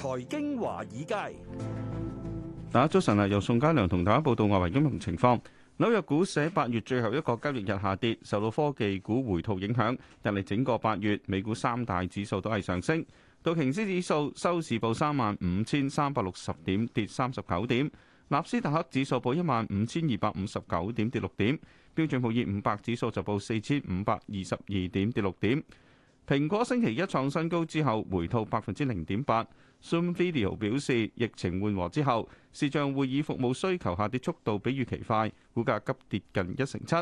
財經華爾街。打早晨啊，由宋嘉良同大家報道外圍金融情況。紐約股市八月最後一個交易日下跌，受到科技股回吐影響。但係整個八月，美股三大指數都係上升。道瓊斯指數收市報三萬五千三百六十點，跌三十九點。納斯達克指數報一萬五千二百五十九點，跌六點。標準普爾五百指數就報四千五百二十二點，跌六點。蘋果星期一創新高之後回吐百分之零點八。Zoom Video 表示疫情緩和之後，視像會議服務需求下跌速度比預期快，股價急跌近一成七。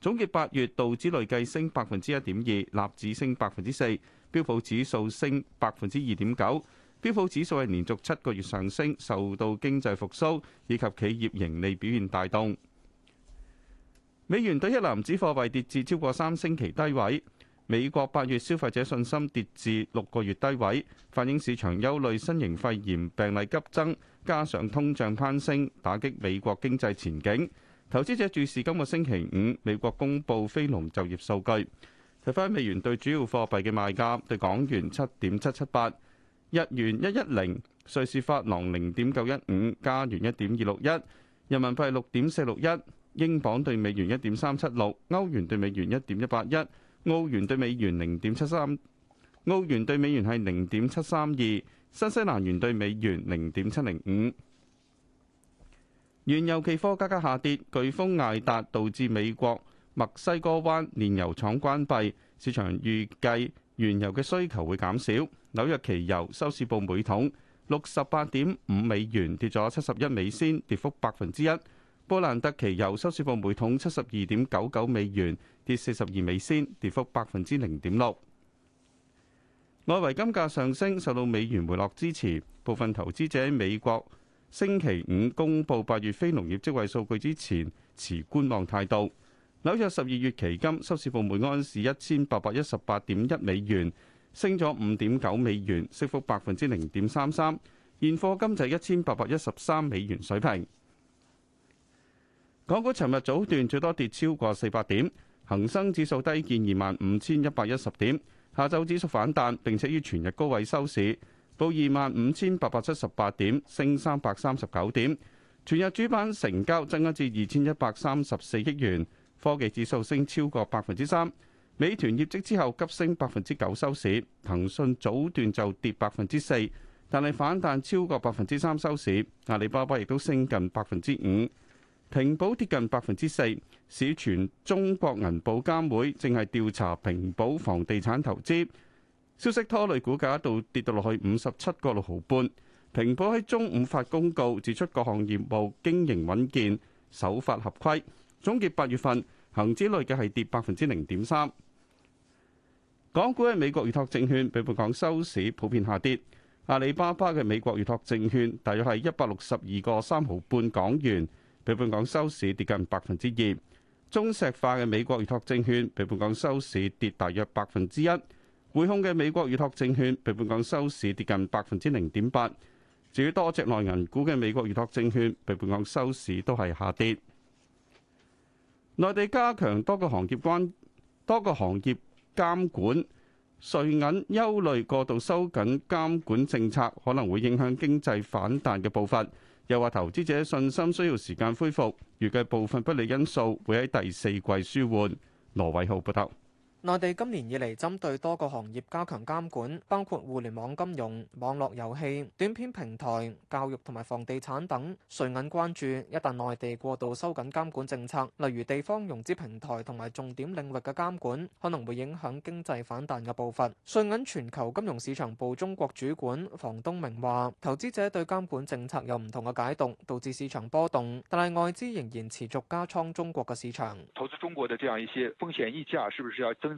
總結八月，道指累計升百分之一點二，納指升百分之四，標普指數升百分之二點九。標普指數係連續七個月上升，受到經濟復蘇以及企業盈利表現帶動。美元對一籃子貨幣跌至超過三星期低位。美國八月消費者信心跌至六個月低位，反映市場憂慮新型肺炎病例急增，加上通脹攀升，打擊美國經濟前景。投資者注視今個星期五美國公布非農就業數據。睇返美元對主要貨幣嘅賣價，對港元七點七七八，日元一一零，瑞士法郎零點九一五，加元一點二六一，人民幣六點四六一，英鎊對美元一點三七六，歐元對美元一點一八一。澳元兌美元零點七三，澳元兌美元係零點七三二，新西蘭元兌美元零點七零五。原油期貨價格下跌，颶風艾達導致美國墨西哥灣煉油廠關閉，市場預計原油嘅需求會減少。紐約期油收市報每桶六十八點五美元，跌咗七十一美仙，跌幅百分之一。波蘭特期油收市報每桶七十二點九九美元，跌四十二美仙，跌幅百分之零點六。外圍金價上升，受到美元回落支持。部分投資者喺美國星期五公布八月非農業職位數據之前持觀望態度。紐約十二月期金收市報每安士一千八百一十八點一美元，升咗五點九美元，升幅百分之零點三三。現貨金就一千八百一十三美元水平。港股尋日早段最多跌超過四百點，恒生指數低見二萬五千一百一十點。下晝指數反彈，並且於全日高位收市，報二萬五千八百七十八點，升三百三十九點。全日主板成交增加至二千一百三十四億元。科技指數升超過百分之三。美團業績之後急升百分之九收市，騰訊早段就跌百分之四，但係反彈超過百分之三收市。阿里巴巴亦都升近百分之五。平保跌近百分之四，市傳中國銀保監會正係調查平保房地產投資消息，拖累股價一度跌到落去五十七個六毫半。平保喺中午發公告，指出各項業務經營穩健，守法合規。總結八月份恒指累計係跌百分之零點三。港股嘅美國預託證券比本港收市普遍下跌，阿里巴巴嘅美國預託證券大約係一百六十二個三毫半港元，比本港收市跌近百分之二，中石化嘅美國預託證券比本港收市跌大約百分之一，匯控嘅美國預託證券比本港收市跌近百分之零點八。至於多隻內銀股嘅美國預託證券比本港收市都係下跌。內地加強多個行業關多個行業監管，瑞銀憂慮過度收緊監管政策可能會影響經濟反彈嘅步伐。又話投資者信心需要時間恢復，預計部分不利因素會喺第四季舒緩。羅偉浩報道。內地今年以嚟針對多個行業加強監管，包括互聯網金融、網絡遊戲、短片平台、教育同埋房地產等。瑞銀關注，一旦內地過度收緊監管政策，例如地方融資平台同埋重點領域嘅監管，可能會影響經濟反彈嘅步伐。瑞銀全球金融市場部中國主管房東明話，投資者對監管政策有唔同嘅解讀，導致市場波動。但係外資仍然持續加倉中國嘅市場。投資中國嘅這樣一些風險溢價是不是要增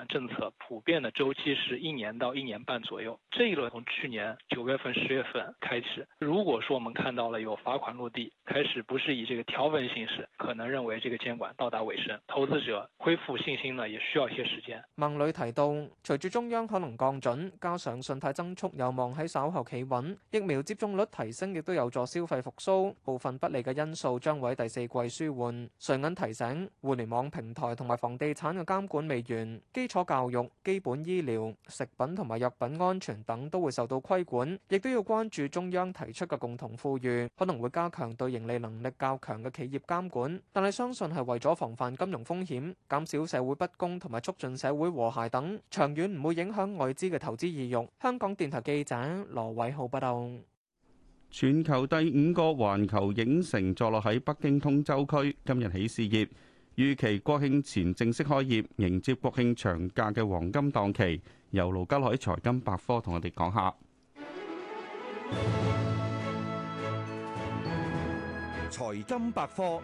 政策普遍的週期是一年到一年半左右。這一輪從去年九月份、十月份開始。如果說我們看到了有罰款落地，開始不是以這個條文形式，可能認為這個監管到達尾聲，投資者恢復信心呢，也需要一些時間。孟磊提到，隨住中央可能降準，加上信貸增速有望喺稍後企穩，疫苗接種率提升亦都有助消費復甦，部分不利嘅因素將會第四季舒緩。瑞銀提醒，互聯網平台同埋房地產嘅監管未完，基初教育、基本醫療、食品同埋藥品安全等都會受到規管，亦都要關注中央提出嘅共同富裕，可能會加強對盈利能力較強嘅企業監管。但係相信係為咗防範金融風險、減少社會不公同埋促進社會和諧等，長遠唔會影響外資嘅投資意欲。香港電台記者羅偉浩報導。全球第五個環球影城坐落喺北京通州區，今日起試業。預期國慶前正式開業，迎接國慶長假嘅黃金檔期。由盧家海財金百科同我哋講下。財金百科。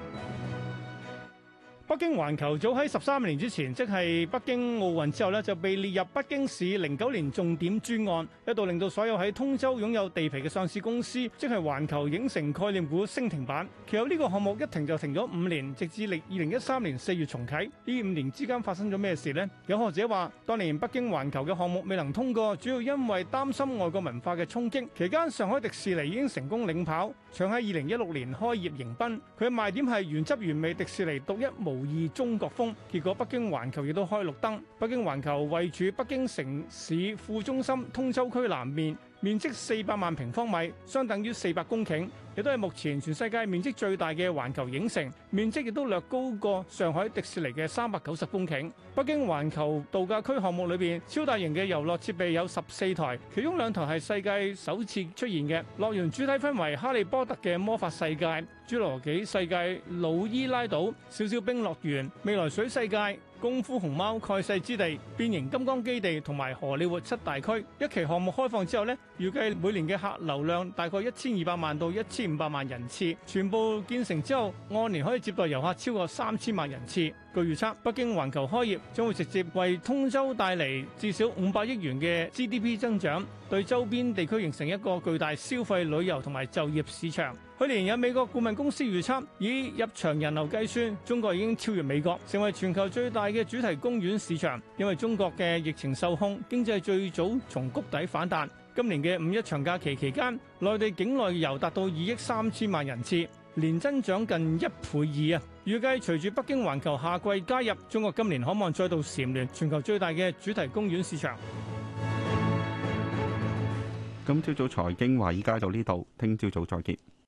北京環球早喺十三年之前，即係北京奧運之後就被列入北京市零九年重點專案，一度令到所有喺通州擁有地皮嘅上市公司，即係環球影城概念股升停板。其後呢個項目一停就停咗五年，直至零二零一三年四月重啟。呢五年之間發生咗咩事呢？有學者話，當年北京環球嘅項目未能通過，主要因為擔心外國文化嘅衝擊。期間，上海迪士尼已經成功領跑，搶喺二零一六年開業迎賓。佢嘅賣點係原汁原味迪士尼，獨一無無意中國風，結果北京環球亦都開綠燈。北京環球位處北京城市副中心通州區南面，面積四百萬平方米，相等於四百公頃，亦都係目前全世界面積最大嘅環球影城。面積亦都略高過上海迪士尼嘅三百九十公頃。北京環球度假區項目裏邊，超大型嘅遊樂設備有十四台，其中兩台係世界首次出現嘅。樂園主題分為《哈利波特》嘅魔法世界。侏羅紀世界、老伊拉島、小小兵樂園、未來水世界、功夫熊貓蓋世之地、變形金剛基地同埋荷里活七大區，一期項目開放之後呢，預計每年嘅客流量大概一千二百萬到一千五百萬人次。全部建成之後，按年可以接待遊客超過三千萬人次。據預測，北京環球開業將會直接為通州帶嚟至少五百億元嘅 GDP 增長，對周邊地區形成一個巨大消費、旅遊同埋就業市場。去年有美國顧問公司預測，以入場人流計算，中國已經超越美國，成為全球最大嘅主題公園市場。因為中國嘅疫情受控，經濟最早從谷底反彈。今年嘅五一長假期期間，內地境內遊達到二億三千萬人次，年增長近一倍二啊！預計隨住北京環球夏季加入，中國今年可望再度蟬聯全球最大嘅主題公園市場。今朝早財經華爾街到呢度，聽朝早再見。